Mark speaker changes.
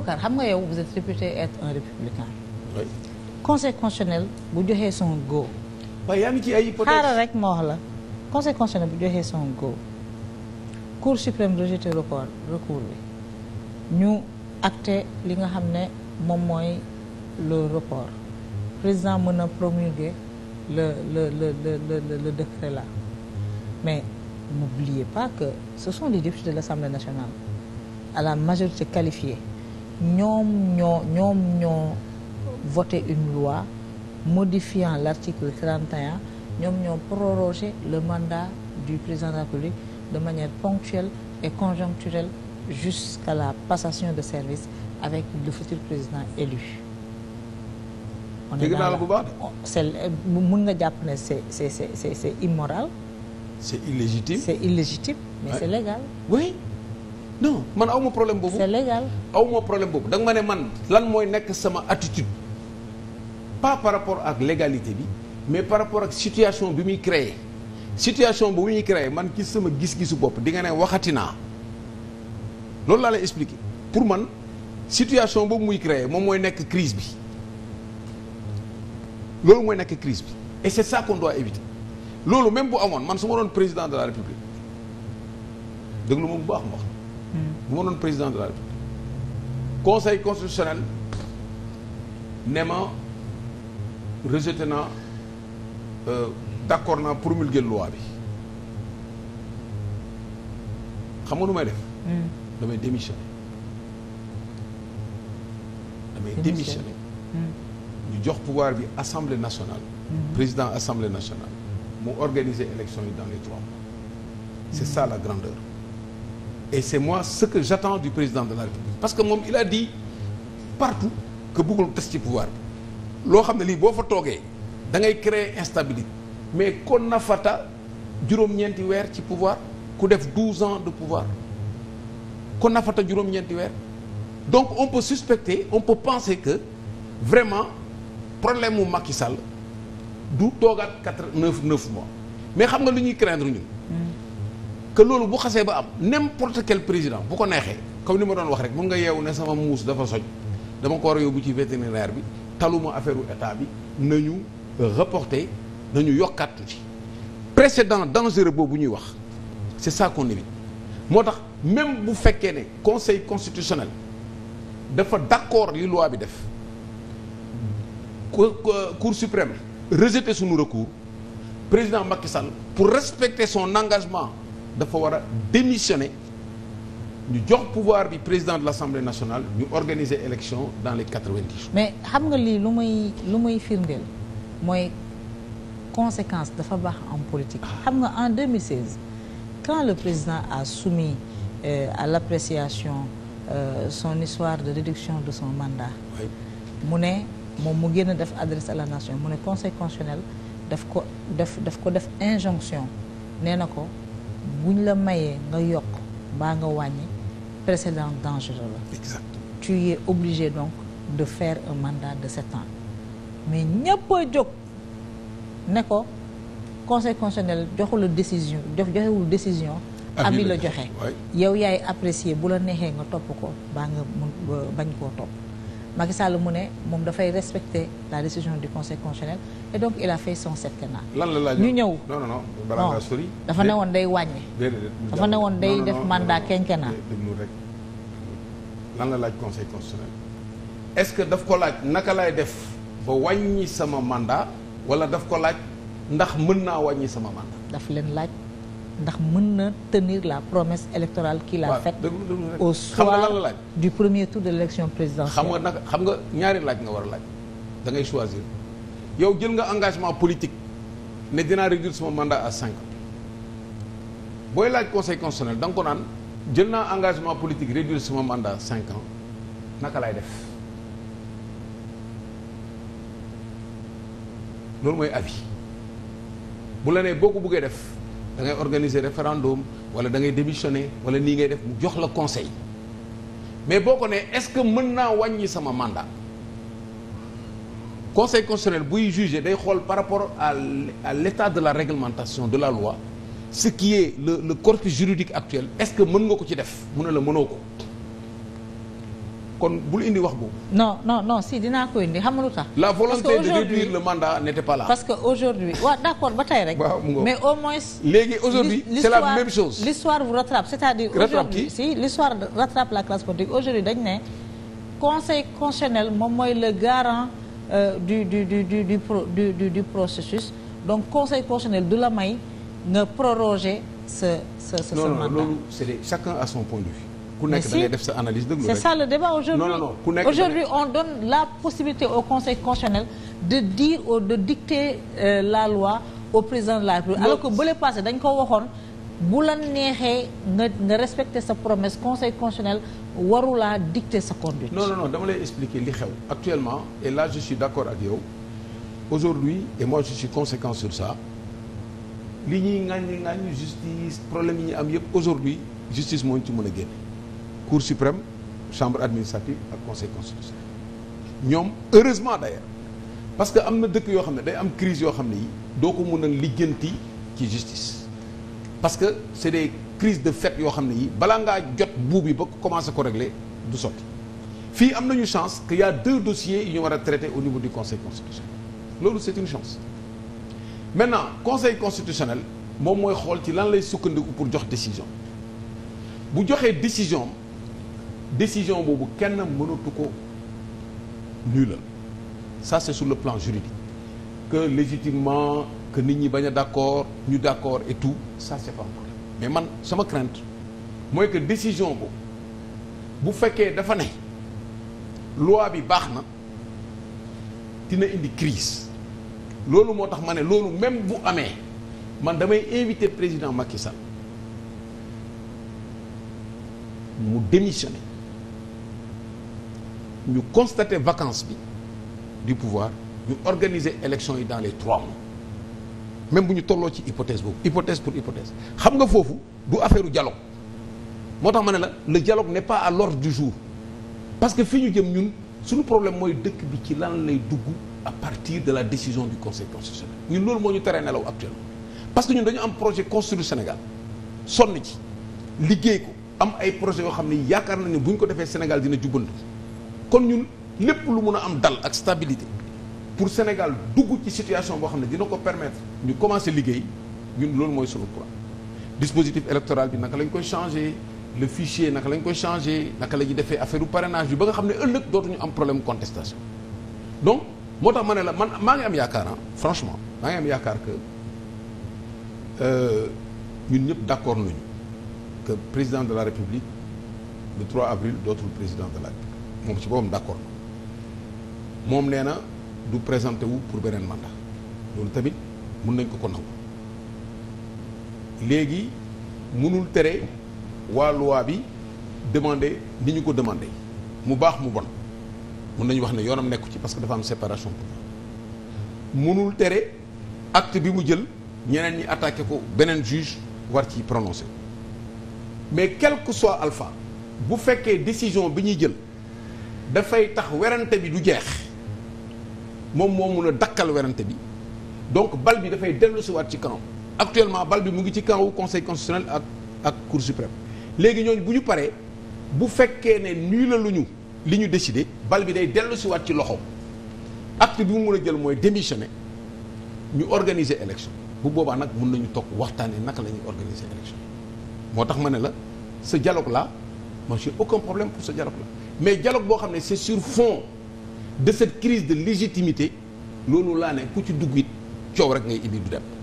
Speaker 1: Boubacar xam nga yow vous êtes réputé être un républicain. oui conseil constitutionnel bu joxee son go.
Speaker 2: waaye ci ay rek
Speaker 1: moo wax la conseil constitutionnel bu joxee son go. cour suprême rejeté recours recours bi ñu acté li nga xam ne moom mooy le report président mën a promulguer le le le le le le décret la mais n'oubliez pas que ce sont les députés de l'Assemblée nationale à la majorité qualifiée. ñoom ñoo ñoom ñoo voté une loi modifiant l'article 31 ñoom ñoo proroger le mandat du président de la République de manière ponctuelle et conjoncturelle jusqu'à la passation de service avec le futur président élu on est dans oh, c'est mën nga jàpp ne c'est c'est c'est c'est immoral
Speaker 2: c'est illégitime mais c'est légal non man aw ma problème boobu. c'est légal aw problème boobu da ma ne man lan mooy nekk sama attitude pas par rapport ak légalité bi mais par rapport ak situation bi muy créer situation bu muy créer man ci sama gis-gisu bopp di nga ne waxati naa loolu laa lay expliquer pour man situation boobu muy créer moom mooy nekk crise bi loolu mooy nekk crise bi et c'est ça qu'on doit loolu même bu amoon man su ma doon président de la république déglu ma bu baax ma wax bu hmm. ma doon président de la République conseil constitutionnel ne ma rejeté naa euh, d'accord naa promulguer loi bi xam nga nu may def. Hmm. damay démissionner. damay démissionner. Hmm. ñu jox pouvoir bi assemblée nationale. président assemblée nationale. mu organiser élection yi dans les trois c'est ça la grandeur. et c'est moi ce que j'attends du président de la République parce que moom il a partout que buggul des ci pouvoir bi loo xam ne lii boo fa toogee da ngay créer instabilité mais kon na fata juróom-ñeenti weer ci pouvoir ku def douze ans de pouvoir kon na fata juróom-ñeenti weer donc on peut suspecter on peut penser que vraiment problème mu mag Macky Sall du toogaat quatre neuf neuf mois mais xam nga lu ñuy craindre ñun que loolu bu xasee ba am n'importe quel président bu ko neexee comme ni ma doon wax rek mun nga yeewu ne sama muus dafa soj dama ko war a yóbbu ci vétérinaire bi taluma affaire u état bi nañu reporter nañu yokkaat tuuti précédent dangereux boobu ñuy wax c'est ça qu'on évite moo tax même bu fekkee ne conseil constitutionnel dafa d'accord li loi bi def cour suprême rejeté sunu recours président Macky Sall pour respecter son engagement dafa war a démissionner ñu jox pouvoir bi président de l'Assemblée nationale ñu organiser élection dans les quatre vingt
Speaker 1: mais xam nga lii lu muy lu muy firndeel mooy conséquence dafa baax en politique. Ah. xam nga en 2016 quand le président a soumis euh, à l'appréciation euh, son histoire de réduction de son mandat. mu ne moom mu génn def adresse à la nation mu ne conseil constitutionnel daf ko daf daf ko def injonction nee na ko. bu ñu la mayee nga yokk baa nga wàññi précédent dangereux la. exactement tu obligé donc de fair un mandat de sept ans mais ñëpp a jóg ne ko conseil constitutionnel joxul décision joxewul décision. Ah, ami la joxe yow yaay apprécier bu la neexee nga topp ko baa nga mun bañ koo topp. Macky Sall mu ne moom dafay respecter la décision du conseil constitutionnel et donc il a fait son septennat.
Speaker 2: lan la laaj ñu ñëw non non non balaa sori. dafa ne woon day wàññi. dafa ne woon day def mandat quinquennat. déglu rek lan la laaj conseil est-ce que daf ko laaj naka laay def ba wàññi sama mandat wala daf ko laaj ndax mën naa wàññi sama mandat.
Speaker 1: daf leen laaj. ndax mun na tenir la promesse électorale qu'il a faite au laaj du premier tour de l'élection présidentielle. xam nga nag
Speaker 2: xam nga ñaari laaj nga war a laaj da ngay choisir yow jël nga engagement politique ne dinaa réduire sama mandat à cinq booy laaj conseil constitutionnel da nga ko naan jël naa engagement politique réduire sama mandat cinq naka laay def loolu mooy avis bu la nee boo ko buggee def da ngay organiser référendum wala da ngay démissionner wala nii ngay def mu jox la conseil mais boo ko nee est-ce que mën naa wàññi sama mandat conseil constitutionnel buy juger day xool par rapport à à l'état de la réglementation de la loi ce la est le le corpus juridique actuel est-ce que mën nga ko ci def mu ne la mënoo ko kon bul indi wax boobu.
Speaker 1: non non non si dinaa ko indi xam nga lu tax. la volonté de réduire
Speaker 2: le mandat n'était pas là. parce
Speaker 1: que aujourd'hui waaw ouais, d'accord ba tey rek. mais au moins. léegi aujourd'hui c'est la même chose. l'histoire vous rattrape c'est-à-dire. rattrape si l'histoire rattrape la classe politique aujourd'hui dañ ne conseil constitutionnel moom mooy le garant euh, du du du du processus donc conseil constitutionnel du la may nga proroger sa ce
Speaker 2: ce. ce non, mandat loolu c'est chacun a son point ku nekk da def sa analyse dëgg c'est ça le débat aujourd'hui
Speaker 1: on donne la possibilité au conseil constitutionnel de dire au de dicter euh, la loi au président de la République alors que bële passé dañ ko waxoon bu la neexee nga nga respecter sa promesse conseil constitutionnel warulaa dicter sa conduite. non non non dama
Speaker 2: lay expliquer li xew actuellement et là je suis d'accord ak yow aujourd'hui et moi je suis conséquent sur ça li ñuy ŋàññi ŋàññi justice problème yi ñu am yëpp aujourd'hui justice moo ñu ci mën a génn. cour suprême chambre administrative ak conseil constitutionnel ñoom heureusement d'ailleurs parce que am na dëkk yoo xam ne day am crise yoo xam ne yi doo ko mun a ligganti ci justice parce que c'est des crises de fait yoo xam ne yi balaa ngaa jot buub yi ba commencé ko régler du sotti fii am nañu chance que y a deux dossiers yu ñu war a traiter au niveau du conseil constitutionnel loolu c'est une chance maintenant conseil constitutionnel moom mooy xool ci lan lay sukkandiku pour jox décision décision boobu kenn mënatu ko nul ça c'est sur le plan juridique que légitimement que nit ñi bañ a d'accord ñu d'accord et tout ça c'est mais man sama crainte mooy que décision boobu bu fekkee dafa ne loi bi baax na dina indi crise loolu moo tax ma ne loolu même bu amee man damay inviter président Macky Sall mu démissionner ñu constater vacance bi du pouvoir ñu organiser élection yi dans les trois mois même bu ñu tolloo ci hypothèse boobu hypothèse pour hypothèse xam nga foofu du affaire u moo tax ma ne la la dialogue ne pas à l'ordre du jour parce que fi ñu jëm ñun suñu problème mooy dëkk bi ci lan lay dugg à partir de la décision du conseil constitutionnel ñun loolu moo ñu teree nelaw actuellement parce que ñun dañu am projet construire Sénégal sonn ci liggéey ko am ay projet yoo xam ne yaakaar na bu ñu ko defee Sénégal dina jubbantu kon ñun lépp lu mun a am dal ak stabilité pour Sénégal dugg ci situation boo xam ne dina ko permettre ñu commencer liggéey ñun loolu mooy sunu point dispositif électoral bi naka lañ koy changé le fichier naka lañ koy changé naka la ñuy defee affaire u parrainage bi ba nga xam ne ëllëg dootuñu am problème contestation donc moo tax ma ne la man maa ngi am yaakaar ah, franchement maa ngi am yaakaar que euh, ñun ñëpp d'accord nañu que président de la République le 3 avril dootul président la moom ci boppam d'accord moom nee na du présenté wu pour beneen mandat loolu tamit mun nañ ko ko nangu léegi munul tere waa loi bi demandé ni ñu ko demandé mu baax mu bon mun nañu wax ne yoonam nekku ci parce que dafa am séparation munul tere acte bi mu jël ñeneen ñi attaqué ko beneen juge war ci prononcé mais quelque que soit alpha bu fekkee décision bi ñuy jël dafay tax werante bi du jeex moom moo mun a dakkal werante bi donc bal bi dafay dellu si ci camp actuellement bal bi mu ngi ci camp wu conseil constitutionnel ak ak cour léegi ñooñ bu ñu paree bu fekkee ne nuyu la lu ñu li ñu décidé bal bi day dellu si ci loxo acte bi mu mun a jël mooy démissionner ñu organiser élection bu boobaa nag mun nañu toog waxtaanee naka la ñuy organiser moo tax ma ne la ce dialogue là moi j'ai aucun problème pour mais dialogue boo xam ne c'est sur fond de cette crise de légitimité loolu laa ne ku ci dugg it coow rek ngay indi du dem